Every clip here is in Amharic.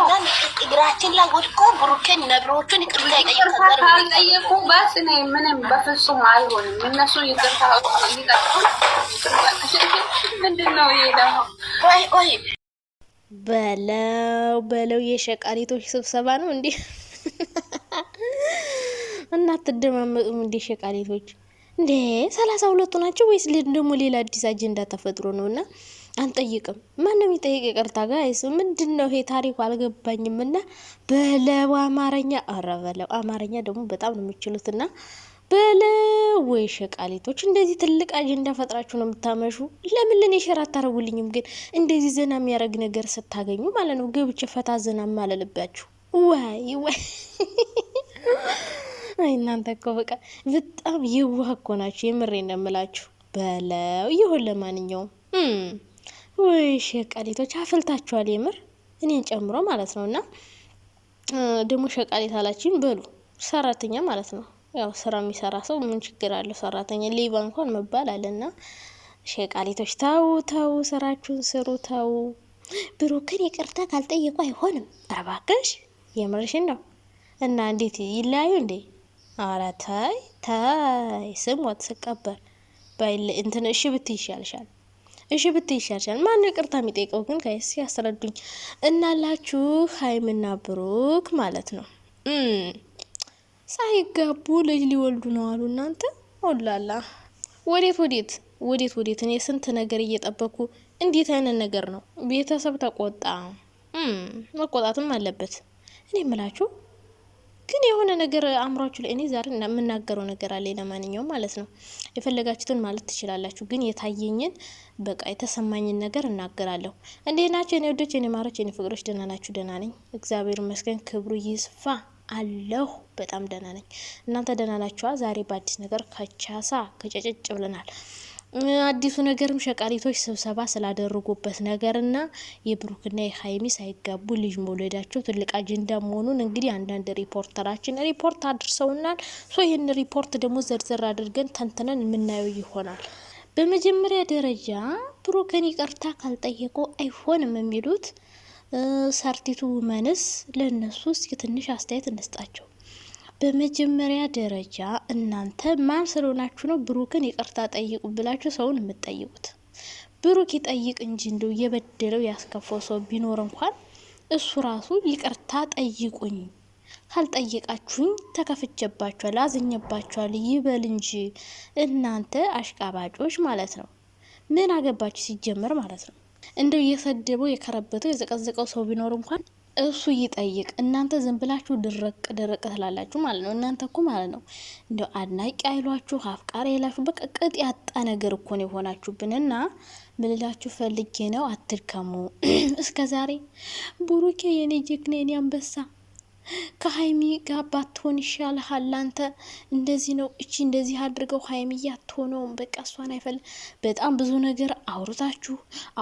እኛን እግራችን ላይ ወድቆ ብሩኬን ነብሮቹን ይቅርታ ምንም በፍጹም አይሆንም። እነሱ ይቅርታ ምንድን ነው ይሄ ደግሞ? በለው በለው የሸቃሪቶች ስብሰባ ነው እንዴ? እናትደማመጡም እንዴ ሸቃሪቶች እንዴ? ሰላሳ ሁለቱ ናቸው ወይስ ደግሞ ሌላ አዲስ አጀንዳ ተፈጥሮ ነው እና አንጠይቅም። ማንም ይጠይቅ ይቅርታ ጋይስ፣ ምንድን ነው ይሄ ታሪኩ አልገባኝም። እና በለው አማርኛ፣ ኧረ በለው አማርኛ ደግሞ በጣም ነው የሚችሉት። እና በለው ወይ ሸቃሊቶች፣ እንደዚህ ትልቅ አጀንዳ ፈጥራችሁ ነው የምታመሹ። ለምን ለኔ ሸር አታረጉልኝም? ግን እንደዚህ ዘና የሚያደርግ ነገር ስታገኙ ማለት ነው ገብቼ ፈታ ዘና ማለልባችሁ። ወይ ወይ እናንተ እኮ በቃ በጣም የዋህ እኮ ናችሁ። የምሬ ነው በለው ይሁን ለማንኛውም ወይ ሸቃሌቶች አፈልታችኋል፣ የምር እኔን ጨምሮ ማለት ነው። እና ደግሞ ሸቃሌት አላችን በሉ ሰራተኛ ማለት ነው። ያው ስራ የሚሰራ ሰው ምን ችግር አለው? ሰራተኛ ሌባ እንኳን መባል አለ። እና ሸቃሌቶች ተው ተው፣ ስራችሁን ስሩ። ተው ብሩክን ይቅርታ ካልጠየቁ አይሆንም። እባክሽ የምርሽን ነው። እና እንዴት ይለያዩ እንዴ? ኧረ ታይ ታይ፣ ስሞት ስቀበር እንትን እሺ ብትይ ይሻልሻል። እሺ ብትይ ይሻልሻል። ማነው ይቅርታ የሚጠይቀው ግን? ጋይስ ያስረዱኝ እናላችሁ ሀይምና ብሩክ ማለት ነው ሳይጋቡ ልጅ ሊወልዱ ነው አሉ። እናንተ ኦላላ ወዴት ወዴት ወዴት ወዴት! እኔ ስንት ነገር እየጠበኩ እንዴት አይነት ነገር ነው? ቤተሰብ ተቆጣ፣ መቆጣትም አለበት። እኔ ምላችሁ? ግን የሆነ ነገር አእምሯችሁ ላይ እኔ ዛሬ የምናገረው ነገር አለ። ለማንኛውም ማለት ነው የፈለጋችሁትን ማለት ትችላላችሁ። ግን የታየኝን በቃ የተሰማኝን ነገር እናገራለሁ። እንዴት ናቸው የኔ ወዶች፣ የኔ ማሮች፣ የኔ ፍቅሮች? ደህና ናችሁ? ደህና ነኝ እግዚአብሔር ይመስገን፣ ክብሩ ይስፋ አለሁ በጣም ደህና ነኝ። እናንተ ደህና ናችኋ? ዛሬ በአዲስ ነገር ከቻሳ ከጨጨጭ ብለናል። አዲሱ ነገርም ሸቃሊቶች ስብሰባ ስላደረጉበት ነገርና የብሩክና የሀይሚ ሳይጋቡ ልጅ መውለዳቸው ትልቅ አጀንዳ መሆኑን እንግዲህ አንዳንድ ሪፖርተራችን ሪፖርት አድርሰውናል። ሶ ይህን ሪፖርት ደግሞ ዘርዘር አድርገን ተንትነን የምናየው ይሆናል። በመጀመሪያ ደረጃ ብሩክን ይቅርታ ካልጠየቁ አይሆንም የሚሉት ሰርቲቱ መንስ ለእነሱ እስኪ ትንሽ አስተያየት እንስጣቸው። በመጀመሪያ ደረጃ እናንተ ማን ስለሆናችሁ ነው ብሩክን ይቅርታ ጠይቁ ብላችሁ ሰውን የምትጠይቁት? ብሩክ ይጠይቅ እንጂ እንደው የበደለው ያስከፈው ሰው ቢኖር እንኳን እሱ ራሱ ይቅርታ ጠይቁኝ፣ ካልጠየቃችሁኝ ተከፍቼባችኋል፣ አዝኜባችኋል ይበል እንጂ እናንተ አሽቃባጮች ማለት ነው። ምን አገባችሁ ሲጀመር ማለት ነው። እንደው እየሰደበው የከረበተው የዘቀዘቀው ሰው ቢኖር እንኳን እሱ ይጠይቅ። እናንተ ዝም ብላችሁ ድረቅ ድረቅ ትላላችሁ ማለት ነው። እናንተ እኮ ማለት ነው እንደ አድናቂ አይሏችሁ አፍቃሪ አይላችሁ። በቃ ቅጥ ያጣ ነገር እኮን የሆናችሁብንና የሆናችሁብን። ምልላችሁ ፈልጌ ነው አትድከሙ። እስከ ዛሬ ቡሩኬ የኔ ጀግና የኔ አንበሳ ከሀይሚ ጋር ባትሆን ይሻልሃል። ላንተ እንደዚህ ነው እቺ እንደዚህ አድርገው ሀይሚ እያትሆነውም በቃ እሷን አይፈል በጣም ብዙ ነገር አውርታችሁ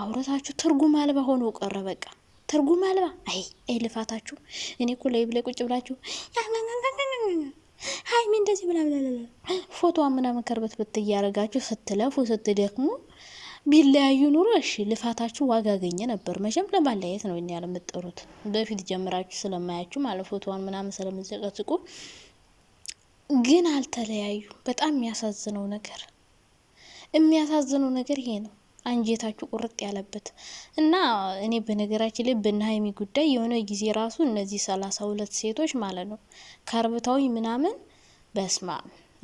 አውርታችሁ ትርጉም አልባ ሆኖ ቀረ በቃ ትርጉም አልባ አይ አይ ልፋታችሁ። እኔ እኮ ላይ ብለ ቁጭ ብላችሁ ሀይሚ እንደዚህ ብላ ፎቶ ምናምን ከርበት ብት እያደረጋችሁ ስትለፉ ስትደክሙ ቢለያዩ ኑሮ እሺ ልፋታችሁ ዋጋ አገኘ ነበር። መቼም ለማለያየት ነው እኛ ለምትጠሩት በፊት ጀምራችሁ ስለማያችሁ ማለት ፎቶዋን ምናምን ስለምዘቀዝቁ ግን አልተለያዩ። በጣም የሚያሳዝነው ነገር የሚያሳዝነው ነገር ይሄ ነው። አንጀታችሁ ቁርጥ ያለበት እና እኔ በነገራችን ላይ በነ ሀይሚ ጉዳይ የሆነ ጊዜ ራሱ እነዚህ ሰላሳ ሁለት ሴቶች ማለት ነው ከርብታዊ ምናምን በስማ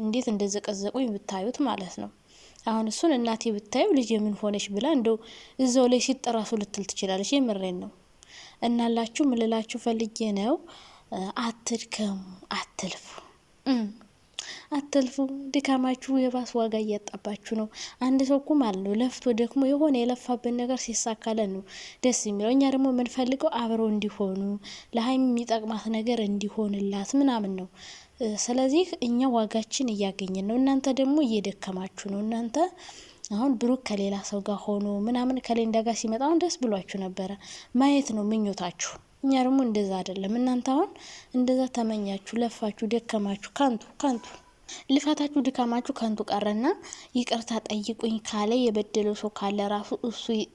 እንዴት እንደዘቀዘቁኝ ብታዩት ማለት ነው። አሁን እሱን እናቴ ብታዩ ልጅ የምን ሆነች ብላ እንደው እዛው ላይ ሲጥ ራሱ ልትል ትችላለች። የምሬን ነው እናላችሁ ምልላችሁ ፈልጌ ነው። አትድከሙ፣ አትልፉ። አትልፉ። ድካማችሁ የባስ ዋጋ እያጣባችሁ ነው። አንድ ሰው እኮ ማለት ነው ለፍቶ ደክሞ የሆነ የለፋብን ነገር ሲሳካለን ነው ደስ የሚለው። እኛ ደግሞ የምንፈልገው አብረው እንዲሆኑ ለሀይም የሚጠቅማት ነገር እንዲሆንላት ምናምን ነው። ስለዚህ እኛ ዋጋችን እያገኘን ነው። እናንተ ደግሞ እየደከማችሁ ነው። እናንተ አሁን ብሩክ ከሌላ ሰው ጋር ሆኖ ምናምን ከሌንዳ ጋር ሲመጣ አሁን ደስ ብሏችሁ ነበረ ማየት ነው ምኞታችሁ። እኛ ደግሞ እንደዛ አይደለም። እናንተ አሁን እንደዛ ተመኛችሁ፣ ለፋችሁ፣ ደከማችሁ። ከንቱ ከንቱ ልፋታችሁ ድካማችሁ ከንቱ ቀረና ይቅርታ ጠይቁኝ ካለ የበደለው ሰው ካለ ራሱ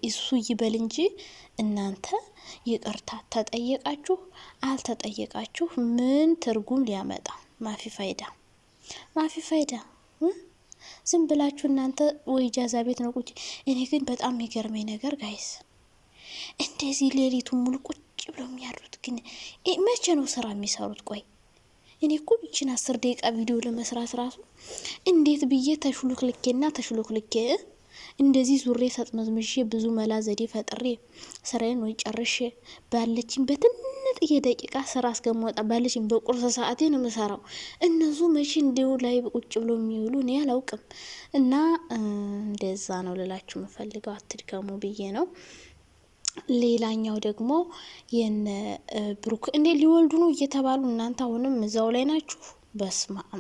እሱ ይበል እንጂ እናንተ ይቅርታ ተጠየቃችሁ አልተጠየቃችሁ ምን ትርጉም ሊያመጣ ማፊ ፋይዳ ማፊ ፋይዳ። ዝም ብላችሁ እናንተ ወይ ጃዛ ቤት ነው ቁጭ። እኔ ግን በጣም የሚገርመኝ ነገር ጋይስ እንደዚህ ሌሊቱ ሙሉ ቁጭ ብሎ የሚያድሩት ግን መቼ ነው ስራ የሚሰሩት? ቆይ እኔ እኮ ብችን አስር ደቂቃ ቪዲዮ ለመስራት ራሱ እንዴት ብዬ ተሽሎክልኬና ተሽሎክልኬ እንደዚህ ዙሬ ሰጥመዝምዤ ብዙ መላ ዘዴ ፈጥሬ ስራዬን ወይ ጨርሼ ባለችኝ በትንጥዬ ደቂቃ ስራ እስከምወጣ ባለችኝ በቁርስ ሰዓቴ ነው የምሰራው። እነሱ መቼ እንዲሁ ላይ ቁጭ ብሎ የሚውሉ እኔ አላውቅም። እና እንደዛ ነው ልላችሁ የምፈልገው። አትድከሙ ብዬ ነው። ሌላኛው ደግሞ የነ ብሩክ እንዴ ሊወልዱ ነው እየተባሉ እናንተ አሁንም እዛው ላይ ናችሁ። በስማ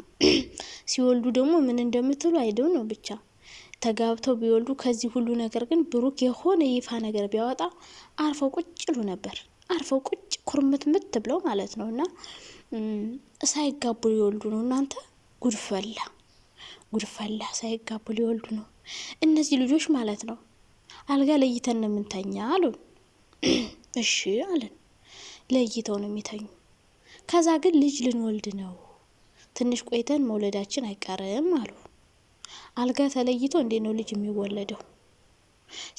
ሲወልዱ ደግሞ ምን እንደምትሉ አይደው ነው ብቻ ተጋብተው ቢወልዱ ከዚህ ሁሉ ነገር ግን ብሩክ የሆነ ይፋ ነገር ቢያወጣ አርፈው ቁጭ ይሉ ነበር። አርፈው ቁጭ ኩርምት ምት ብለው ማለት ነው። እና ሳይጋቡ ሊወልዱ ነው እናንተ ጉድፈላ ጉድፈላ፣ ሳይጋቡ ሊወልዱ ነው እነዚህ ልጆች ማለት ነው። አልጋ ለይተን ነው የምንተኛ አሉን። እሺ አለን። ለይተው ነው የሚተኙ። ከዛ ግን ልጅ ልንወልድ ነው ትንሽ ቆይተን መውለዳችን አይቀርም አሉ። አልጋ ተለይቶ እንዴት ነው ልጅ የሚወለደው?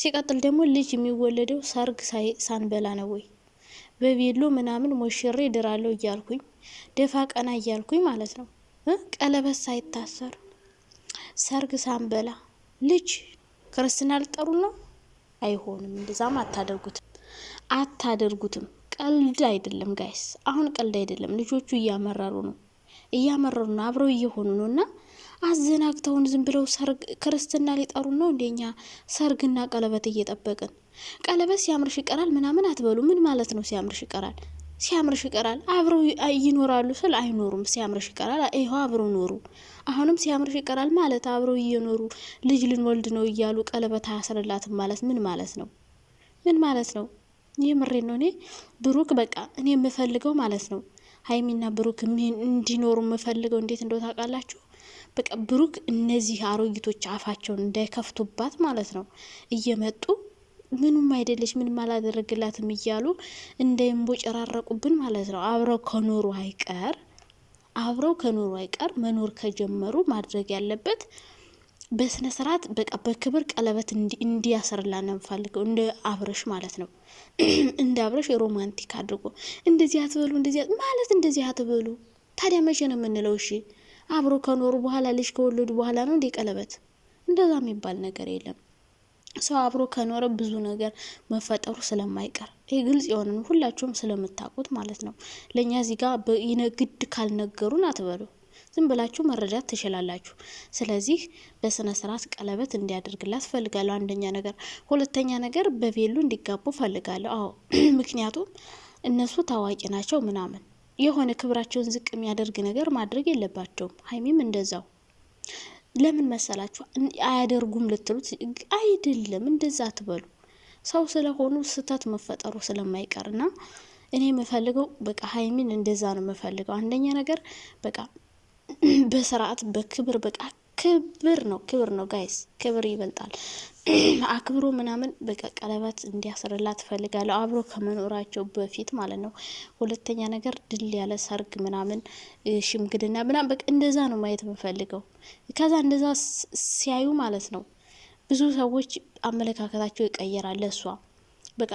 ሲቀጥል ደግሞ ልጅ የሚወለደው ሰርግ ሳንበላ ነው ወይ? በቤሎ ምናምን ሞሽሬ ድራለው እያልኩኝ ደፋ ቀና እያልኩኝ ማለት ነው። ቀለበት ሳይታሰር ሰርግ ሳንበላ ልጅ ክርስትና ልጠሩ ነው? አይሆንም። እንደዛም አታደርጉት። አታደርጉትም። ቀልድ አይደለም ጋይስ፣ አሁን ቀልድ አይደለም። ልጆቹ እያመረሩ ነው እያመረሩ ነው፣ አብረው እየሆኑ ነው። እና አዘናግተውን ዝም ብለው ሰርግ ክርስትና ሊጠሩ ነው። እንደኛ ሰርግና ቀለበት እየጠበቅን ቀለበት ሲያምርሽ ይቀራል ምናምን አትበሉ። ምን ማለት ነው ሲያምርሽ ይቀራል? ሲያምርሽ ይቀራል። አብረው ይኖራሉ ስል አይኖሩም። ሲያምርሽ ይቀራል። ይኸው አብረው ኖሩ። አሁንም ሲያምርሽ ይቀራል ማለት አብረው እየኖሩ ልጅ ልንወልድ ነው እያሉ ቀለበት አያስርላትም ማለት ምን ማለት ነው? ምን ማለት ነው? ይህ ምሬ ነው። እኔ ብሩክ በቃ እኔ የምፈልገው ማለት ነው ሀይሚና ብሩክ እንዲኖሩ የምፈልገው እንዴት እንደው ታውቃላችሁ? በቃ ብሩክ እነዚህ አሮጊቶች አፋቸውን እንዳይከፍቱባት ማለት ነው እየመጡ ምንም አይደለች ምንም አላደረግላትም እያሉ እንዳይንቦጨራረቁብን ማለት ነው። አብረው ከኖሩ አይቀር አብረው ከኖሩ አይቀር መኖር ከጀመሩ ማድረግ ያለበት በስነ ስርዓት በቃ በክብር ቀለበት እንዲያሰርላ ነው ፈልገው እንደ አብረሽ ማለት ነው። እንደ አብረሽ ሮማንቲክ አድርጎ እንደዚህ አትበሉ፣ እንደዚህ ማለት እንደዚህ አትበሉ። ታዲያ መቼ ነው የምንለው? እሺ አብሮ ከኖሩ በኋላ ልጅ ከወለዱ በኋላ ነው እንዴ ቀለበት? እንደዛ የሚባል ነገር የለም። ሰው አብሮ ከኖረ ብዙ ነገር መፈጠሩ ስለማይቀር ይህ ግልጽ የሆነ ሁላችሁም ስለምታውቁት ማለት ነው። ለእኛ እዚህ ጋር ግድ ካልነገሩን አትበሉ። ዝም ብላችሁ መረዳት ትችላላችሁ። ስለዚህ በስነ ስርዓት ቀለበት እንዲያደርግላት ፈልጋለሁ። አንደኛ ነገር፣ ሁለተኛ ነገር በቬሎ እንዲጋቡ ፈልጋለሁ። አዎ ምክንያቱም እነሱ ታዋቂ ናቸው ምናምን የሆነ ክብራቸውን ዝቅ የሚያደርግ ነገር ማድረግ የለባቸውም። ሀይሚም እንደዛው ለምን መሰላችሁ አያደርጉም ልትሉት አይደለም፣ እንደዛ አትበሉ። ሰው ስለሆኑ ስህተት መፈጠሩ ስለማይቀር እና እኔ የምፈልገው በቃ ሀይሚን እንደዛ ነው የምፈልገው። አንደኛ ነገር በቃ በስርዓት በክብር በቃ ክብር ነው ክብር ነው ጋይስ፣ ክብር ይበልጣል። አክብሮ ምናምን በቃ ቀለበት እንዲያስርላት ትፈልጋለሁ አብሮ ከመኖራቸው በፊት ማለት ነው። ሁለተኛ ነገር ድል ያለ ሰርግ ምናምን ሽምግልና ምናምን በቃ እንደዛ ነው ማየት የምፈልገው። ከዛ እንደዛ ሲያዩ ማለት ነው ብዙ ሰዎች አመለካከታቸው ይቀየራል ለእሷ በቃ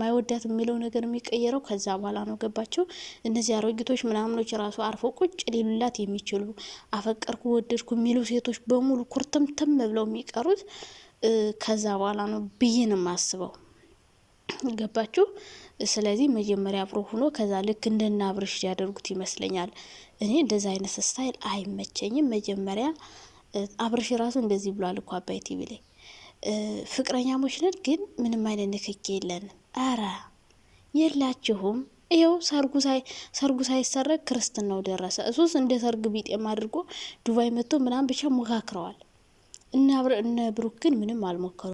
ማይወዳት የሚለው ነገር የሚቀየረው ከዛ በኋላ ነው። ገባቸው እነዚህ አሮጊቶች ምናምኖች ራሱ አርፎ ቁጭ ሊሉላት የሚችሉ አፈቀርኩ፣ ወደድኩ የሚሉ ሴቶች በሙሉ ኩርትምትም ብለው የሚቀሩት ከዛ በኋላ ነው ብዬ ነው የማስበው። ገባችሁ? ስለዚህ መጀመሪያ አብሮ ሆኖ ከዛ ልክ እንደና አብርሽ ያደርጉት ይመስለኛል። እኔ እንደዚ አይነት ስታይል አይመቸኝም። መጀመሪያ አብርሽ ራሱ እንደዚህ ብሏል እኮ አባይ ቲቪ ላይ ፍቅረኛሞች ነን፣ ግን ምንም አይነት ንክኪ የለንም። አረ የላችሁም። ይኸው ሰርጉ ሳይሰረግ ክርስትናው ደረሰ። እሱስ እንደ ሰርግ ቢጤም አድርጎ ዱባይ መጥቶ ምናምን ብቻ ሞካክረዋል። እነ ብሩክ ግን ምንም አልሞከሩ።